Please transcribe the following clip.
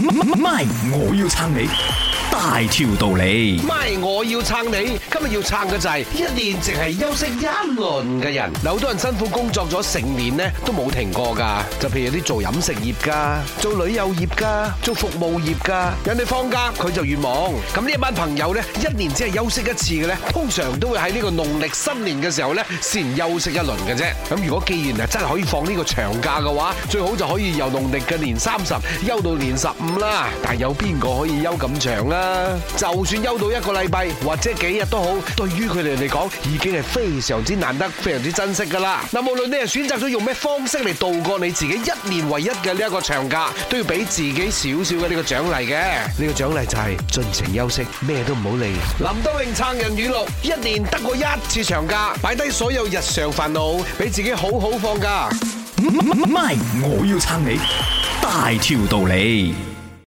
MY，我要撐你。大條道理，唔係我要撐你，今日要撐嘅就係一年淨係休息一輪嘅人。有好多人辛苦工作咗成年呢，都冇停過噶。就譬如啲做飲食業噶，做旅遊業噶，做服務業噶，人哋放假佢就越忙。咁呢一班朋友呢，一年只係休息一次嘅呢，通常都會喺呢個農曆新年嘅時候呢，先休息一輪嘅啫。咁如果既然係真係可以放呢個長假嘅話，最好就可以由農曆嘅年三十休到年十五啦。但係有邊個可以休咁長啊？就算休到一個禮拜或者幾日都好，對於佢哋嚟講，已經係非常之難得、非常之珍惜噶啦。嗱，無論你係選擇咗用咩方式嚟度過你自己一年唯一嘅呢一個長假，都要俾自己少少嘅呢個獎勵嘅。呢個獎勵就係盡情休息，咩都唔好理。林德榮撐人語錄：一年得過一次長假，擺低所有日常煩惱，俾自己好好放假。唔係，我要撐你，大條道理。